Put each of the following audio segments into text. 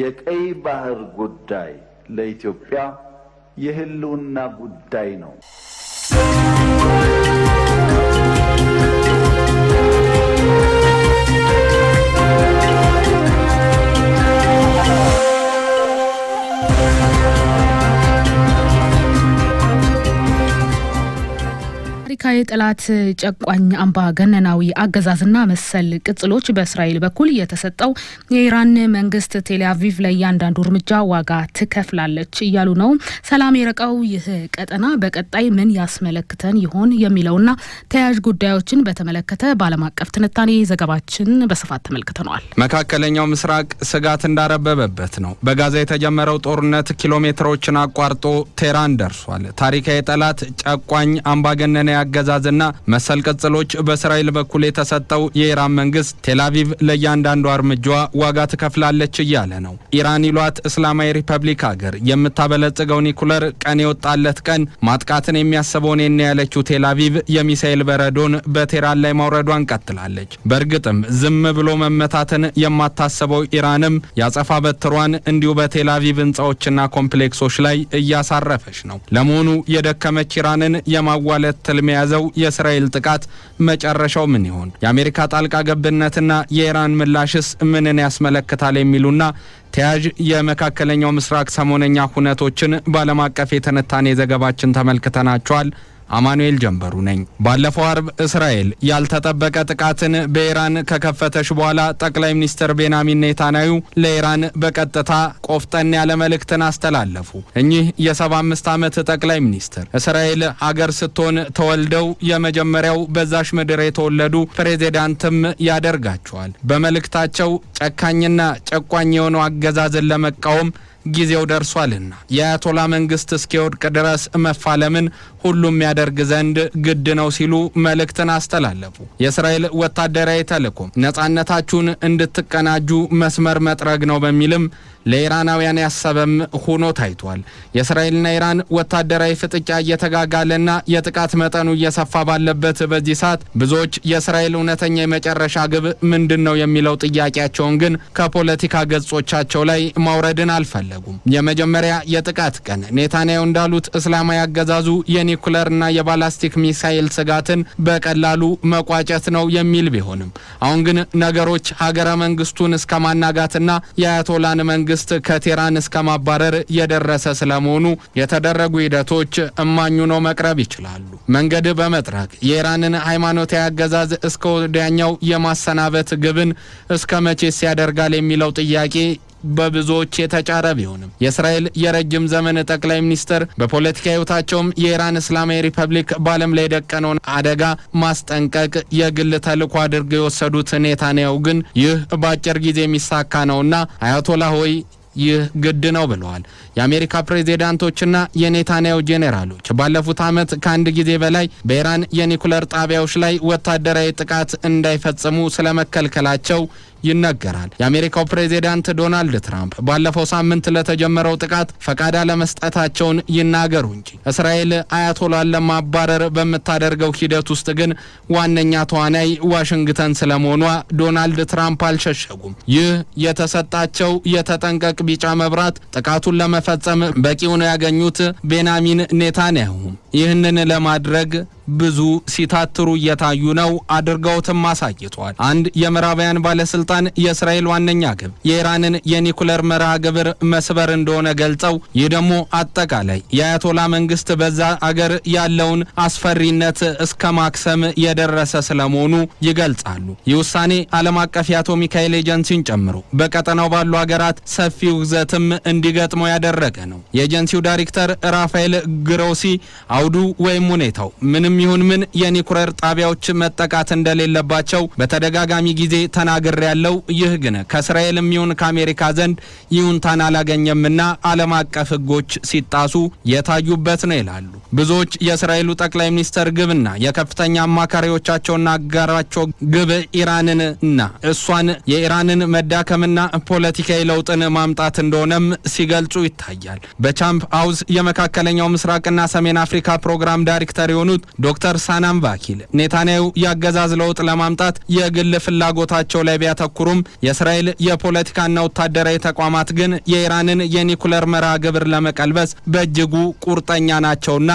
የቀይ ባህር ጉዳይ ለኢትዮጵያ የህልውና ጉዳይ ነው። የአሜሪካ የጠላት ጨቋኝ አምባ ገነናዊ አገዛዝና መሰል ቅጽሎች በእስራኤል በኩል የተሰጠው የኢራን መንግስት ቴል ለእያንዳንዱ ላይ እያንዳንዱ እርምጃ ዋጋ ትከፍላለች እያሉ ነው። ሰላም የረቀው ይህ ቀጠና በቀጣይ ምን ያስመለክተን ይሆን የሚለውና ተያያዥ ጉዳዮችን በተመለከተ በዓለም አቀፍ ትንታኔ ዘገባችን በስፋት ተመልክተነዋል። መካከለኛው ምስራቅ ስጋት እንዳረበበበት ነው። በጋዛ የተጀመረው ጦርነት ኪሎሜትሮችን አቋርጦ ቴራን ደርሷል። ታሪካዊ ጠላት ጨቋኝ አምባገነን አገዛዝና መሰል ቅጽሎች በእስራኤል በኩል የተሰጠው የኢራን መንግስት ቴላቪቭ ለእያንዳንዱ እርምጃዋ ዋጋ ትከፍላለች እያለ ነው። ኢራን ይሏት እስላማዊ ሪፐብሊክ ሀገር የምታበለጽገው ኒኩለር ቀን የወጣለት ቀን ማጥቃትን የሚያስበውን የና ያለችው ቴላቪቭ የሚሳኤል በረዶን በቴራን ላይ ማውረዷን ቀጥላለች። በእርግጥም ዝም ብሎ መመታትን የማታስበው ኢራንም ያጸፋ በትሯን እንዲሁ በቴላቪቭ ህንፃዎችና ኮምፕሌክሶች ላይ እያሳረፈች ነው። ለመሆኑ የደከመች ኢራንን የማዋለት ትልሚያ የያዘው የእስራኤል ጥቃት መጨረሻው ምን ይሆን? የአሜሪካ ጣልቃ ገብነትና የኢራን ምላሽስ ምንን ያስመለክታል? የሚሉና ተያዥ የመካከለኛው ምስራቅ ሰሞነኛ ሁነቶችን በዓለም አቀፍ የትንታኔ ዘገባችን ተመልክተናቸዋል። አማኑኤል ጀንበሩ ነኝ። ባለፈው አርብ እስራኤል ያልተጠበቀ ጥቃትን በኢራን ከከፈተች በኋላ ጠቅላይ ሚኒስትር ቤንያሚን ኔታንያሁ ለኢራን በቀጥታ ቆፍጠን ያለ መልእክትን አስተላለፉ። እኚህ የ75 ዓመት ጠቅላይ ሚኒስትር እስራኤል አገር ስትሆን ተወልደው የመጀመሪያው በዛሽ ምድር የተወለዱ ፕሬዚዳንትም ያደርጋቸዋል። በመልእክታቸው ጨካኝና ጨቋኝ የሆነው አገዛዝን ለመቃወም ጊዜው ደርሷልና የአያቶላ መንግስት እስኪወድቅ ድረስ መፋለምን ሁሉም ያደርግ ዘንድ ግድ ነው ሲሉ መልእክትን አስተላለፉ። የእስራኤል ወታደራዊ ተልዕኮም ነጻነታችሁን እንድትቀናጁ መስመር መጥረግ ነው በሚልም ለኢራናውያን ያሰበም ሆኖ ታይቷል። የእስራኤልና ኢራን ወታደራዊ ፍጥጫ እየተጋጋለና የጥቃት መጠኑ እየሰፋ ባለበት በዚህ ሰዓት ብዙዎች የእስራኤል እውነተኛ የመጨረሻ ግብ ምንድን ነው የሚለው ጥያቄያቸውን ግን ከፖለቲካ ገጾቻቸው ላይ ማውረድን አልፈለም። አልፈለጉም። የመጀመሪያ የጥቃት ቀን ኔታንያሁ እንዳሉት እስላማዊ አገዛዙ የኒኩለርና የባላስቲክ ሚሳይል ስጋትን በቀላሉ መቋጨት ነው የሚል ቢሆንም አሁን ግን ነገሮች ሀገረ መንግስቱን እስከ ማናጋትና የአያቶላን መንግስት ከቴራን እስከ ማባረር የደረሰ ስለመሆኑ የተደረጉ ሂደቶች እማኙ ነው መቅረብ ይችላሉ። መንገድ በመጥረግ የኢራንን ሃይማኖታዊ አገዛዝ እስከ ወዲያኛው የማሰናበት ግብን እስከ መቼስ ያደርጋል የሚለው ጥያቄ በብዙዎች የተጫረ ቢሆንም የእስራኤል የረጅም ዘመን ጠቅላይ ሚኒስትር በፖለቲካ ህይወታቸውም የኢራን እስላማዊ ሪፐብሊክ በዓለም ላይ የደቀነውን አደጋ ማስጠንቀቅ የግል ተልኮ አድርገው የወሰዱት ኔታንያሁ ግን ይህ በአጭር ጊዜ የሚሳካ ነውና አያቶላ ሆይ ይህ ግድ ነው ብለዋል። የአሜሪካ ፕሬዚዳንቶችና የኔታንያሁ ጄኔራሎች ባለፉት ዓመት ከአንድ ጊዜ በላይ በኢራን የኒኩለር ጣቢያዎች ላይ ወታደራዊ ጥቃት እንዳይፈጽሙ ስለመከልከላቸው ይነገራል። የአሜሪካው ፕሬዚዳንት ዶናልድ ትራምፕ ባለፈው ሳምንት ለተጀመረው ጥቃት ፈቃድ አለመስጠታቸውን ይናገሩ እንጂ እስራኤል አያቶላን ለማባረር በምታደርገው ሂደት ውስጥ ግን ዋነኛ ተዋናይ ዋሽንግተን ስለመሆኗ ዶናልድ ትራምፕ አልሸሸጉም። ይህ የተሰጣቸው የተጠንቀቅ ቢጫ መብራት ጥቃቱን ለመፈጸም በቂ ሆነው ያገኙት ቤንያሚን ኔታንያሁም ይህንን ለማድረግ ብዙ ሲታትሩ እየታዩ ነው። አድርገውትም አሳይቷል። አንድ የምዕራባውያን ባለስልጣን የእስራኤል ዋነኛ ግብ የኢራንን የኒኩለር መርሃ ግብር መስበር እንደሆነ ገልጸው ይህ ደግሞ አጠቃላይ የአያቶላ መንግስት በዛ አገር ያለውን አስፈሪነት እስከ ማክሰም የደረሰ ስለመሆኑ ይገልጻሉ። ይህ ውሳኔ ዓለም አቀፍ የአቶ ሚካኤል ኤጀንሲን ጨምሮ በቀጠናው ባሉ ሀገራት ሰፊ ውግዘትም እንዲገጥመው ያደረገ ነው። የኤጀንሲው ዳይሬክተር ራፋኤል ግሮሲ አ አውዱ ወይም ሁኔታው ምንም ይሁን ምን የኒኩለር ጣቢያዎች መጠቃት እንደሌለባቸው በተደጋጋሚ ጊዜ ተናግሬ ያለው ይህ ግን ከእስራኤልም ይሁን ከአሜሪካ ዘንድ ይሁንታን አላገኘምና ዓለም አቀፍ ሕጎች ሲጣሱ የታዩበት ነው ይላሉ። ብዙዎች የእስራኤሉ ጠቅላይ ሚኒስተር ግብና የከፍተኛ አማካሪዎቻቸውና አጋራቸው ግብ ኢራንን እና እሷን የኢራንን መዳከምና ፖለቲካዊ ለውጥን ማምጣት እንደሆነም ሲገልጹ ይታያል። በቻምፕ ሀውስ የመካከለኛው ምስራቅና ሰሜን አፍሪካ ፕሮግራም ዳይሬክተር የሆኑት ዶክተር ሳናም ቫኪል ኔታንያሁ ያገዛዝ ለውጥ ለማምጣት የግል ፍላጎታቸው ላይ ቢያተኩሩም የእስራኤል የፖለቲካና ወታደራዊ ተቋማት ግን የኢራንን የኒኩለር መርሃ ግብር ለመቀልበስ በእጅጉ ቁርጠኛ ናቸውና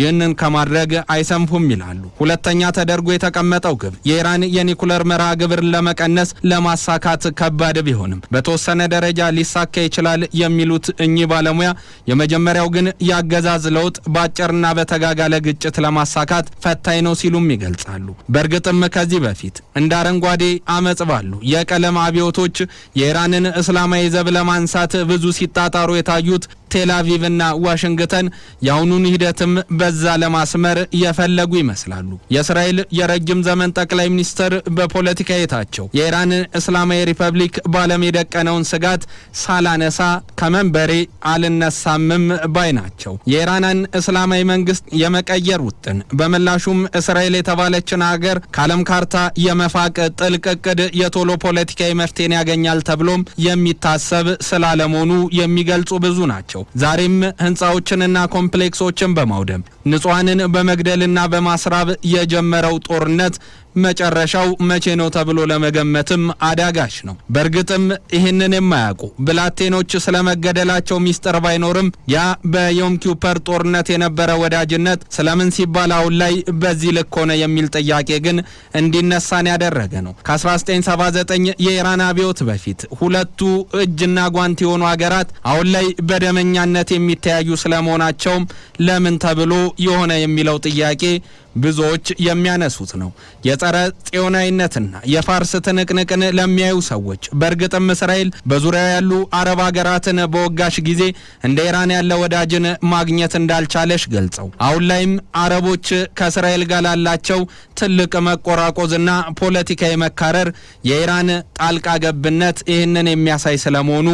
ይህንን ከማድረግ አይሰንፉም ይላሉ። ሁለተኛ ተደርጎ የተቀመጠው ግብ የኢራን የኒኩለር መርሃ ግብርን ለመቀነስ ለማሳካት ከባድ ቢሆንም በተወሰነ ደረጃ ሊሳካ ይችላል የሚሉት እኚህ ባለሙያ የመጀመሪያው ግን ያገዛዝ ለውጥ በአጭርና በተጋጋለ ግጭት ለማሳካት ፈታኝ ነው ሲሉም ይገልጻሉ። በእርግጥም ከዚህ በፊት እንደ አረንጓዴ አመጽ ባሉ የቀለም አብዮቶች የኢራንን እስላማዊ ዘብ ለማንሳት ብዙ ሲጣጣሩ የታዩት ቴላቪቭና ዋሽንግተን የአሁኑን ሂደትም በዛ ለማስመር የፈለጉ ይመስላሉ። የእስራኤል የረጅም ዘመን ጠቅላይ ሚኒስትር በፖለቲካ የታቸው የኢራን እስላማዊ ሪፐብሊክ ባለም የደቀነውን ስጋት ሳላነሳ ከመንበሬ አልነሳምም ባይ ናቸው። የኢራንን እስላማዊ መንግስት የመቀየር ውጥን በምላሹም እስራኤል የተባለችን ሀገር ከዓለም ካርታ የመፋቅ ጥልቅ እቅድ የቶሎ ፖለቲካዊ መፍትሄን ያገኛል ተብሎም የሚታሰብ ስላለመሆኑ የሚገልጹ ብዙ ናቸው። ዛሬም ህንፃዎችንና ኮምፕሌክሶችን በማውደም ንጹሐንን በመግደልና በማስራብ የጀመረው ጦርነት መጨረሻው መቼ ነው ተብሎ ለመገመትም አዳጋች ነው። በእርግጥም ይህንን የማያውቁ ብላቴኖች ስለመገደላቸው ሚስጥር ባይኖርም ያ በዮም ኪውፐር ጦርነት የነበረ ወዳጅነት ስለምን ሲባል አሁን ላይ በዚህ ልክ ሆነ የሚል ጥያቄ ግን እንዲነሳን ያደረገ ነው። ከ1979 የኢራን አብዮት በፊት ሁለቱ እጅና ጓንት የሆኑ ሀገራት አሁን ላይ በደመኛነት የሚተያዩ ስለመሆናቸውም ለምን ተብሎ የሆነ የሚለው ጥያቄ ብዙዎች የሚያነሱት ነው። ጸረ ጽዮናዊነትና የፋርስ ትንቅንቅን ለሚያዩ ሰዎች በእርግጥም እስራኤል በዙሪያው ያሉ አረብ ሀገራትን በወጋሽ ጊዜ እንደ ኢራን ያለ ወዳጅን ማግኘት እንዳልቻለች ገልጸው አሁን ላይም አረቦች ከእስራኤል ጋር ላላቸው ትልቅ መቆራቆዝና ፖለቲካዊ መካረር የኢራን ጣልቃ ገብነት ይህንን የሚያሳይ ስለመሆኑ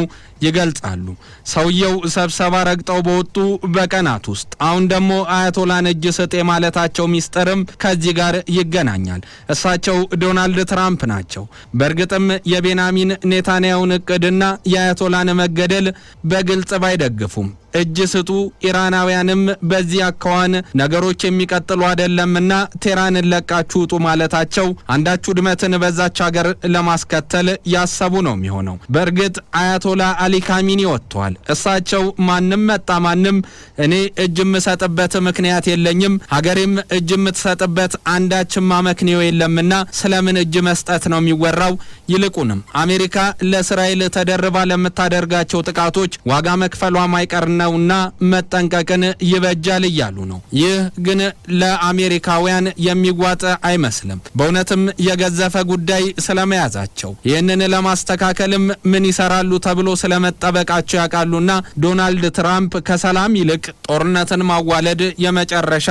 ይገልጻሉ። ሰውየው ስብሰባ ረግጠው በወጡ በቀናት ውስጥ አሁን ደግሞ አያቶላ ነጅ ስጤ ማለታቸው ሚስጥርም ከዚህ ጋር ይገናኛል። እሳቸው ዶናልድ ትራምፕ ናቸው። በእርግጥም የቤንያሚን ኔታንያሁን እቅድና የአያቶላን መገደል በግልጽ ባይደግፉም እጅ ስጡ፣ ኢራናውያንም በዚህ አካዋን ነገሮች የሚቀጥሉ አይደለምና ቴራንን ለቃችሁ ውጡ ማለታቸው አንዳች ውድመትን በዛች ሀገር ለማስከተል ያሰቡ ነው የሚሆነው። በእርግጥ አያቶላ አሊ ካሚኒ ወጥቷል። እሳቸው ማንም መጣ ማንም እኔ እጅ የምሰጥበት ምክንያት የለኝም፣ ሀገሬም እጅ የምትሰጥበት አንዳችም አመክንዮ የለምና ስለምን እጅ መስጠት ነው የሚወራው? ይልቁንም አሜሪካ ለእስራኤል ተደርባ ለምታደርጋቸው ጥቃቶች ዋጋ መክፈሏ ማይቀር ነውና መጠንቀቅን ይበጃል እያሉ ነው። ይህ ግን ለአሜሪካውያን የሚዋጥ አይመስልም። በእውነትም የገዘፈ ጉዳይ ስለመያዛቸው ይህንን ለማስተካከልም ምን ይሰራሉ ተብሎ ስለ ስለመጠበቃቸው ያውቃሉና ዶናልድ ትራምፕ ከሰላም ይልቅ ጦርነትን ማዋለድ የመጨረሻ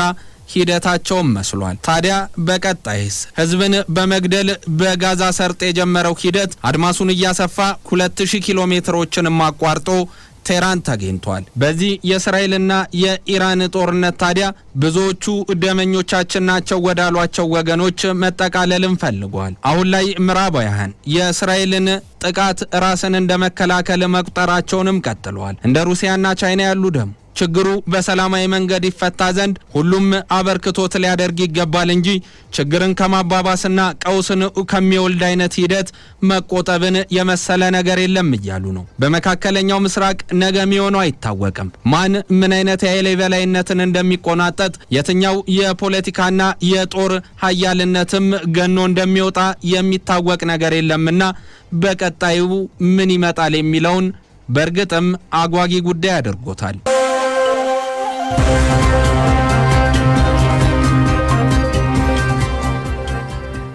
ሂደታቸውም መስሏል። ታዲያ በቀጣይስ ህዝብን በመግደል በጋዛ ሰርጥ የጀመረው ሂደት አድማሱን እያሰፋ 2000 ኪሎ ሜትሮችን አቋርጦ ቴራን ተገኝቷል። በዚህ የእስራኤልና የኢራን ጦርነት ታዲያ ብዙዎቹ ደመኞቻችን ናቸው ወዳሏቸው ወገኖች መጠቃለልን ፈልጓል። አሁን ላይ ምዕራባውያን የእስራኤልን ጥቃት ራስን እንደ መከላከል መቁጠራቸውንም ቀጥሏል እንደ ሩሲያና ቻይና ያሉ ደግሞ ችግሩ በሰላማዊ መንገድ ይፈታ ዘንድ ሁሉም አበርክቶት ሊያደርግ ይገባል እንጂ ችግርን ከማባባስና ቀውስን ከሚወልድ አይነት ሂደት መቆጠብን የመሰለ ነገር የለም እያሉ ነው። በመካከለኛው ምስራቅ ነገ የሚሆነው አይታወቅም። ማን ምን አይነት የኃይል የበላይነትን እንደሚቆናጠጥ የትኛው የፖለቲካና የጦር ሀያልነትም ገኖ እንደሚወጣ የሚታወቅ ነገር የለምና በቀጣዩ ምን ይመጣል የሚለውን በእርግጥም አጓጊ ጉዳይ አድርጎታል። Thank you.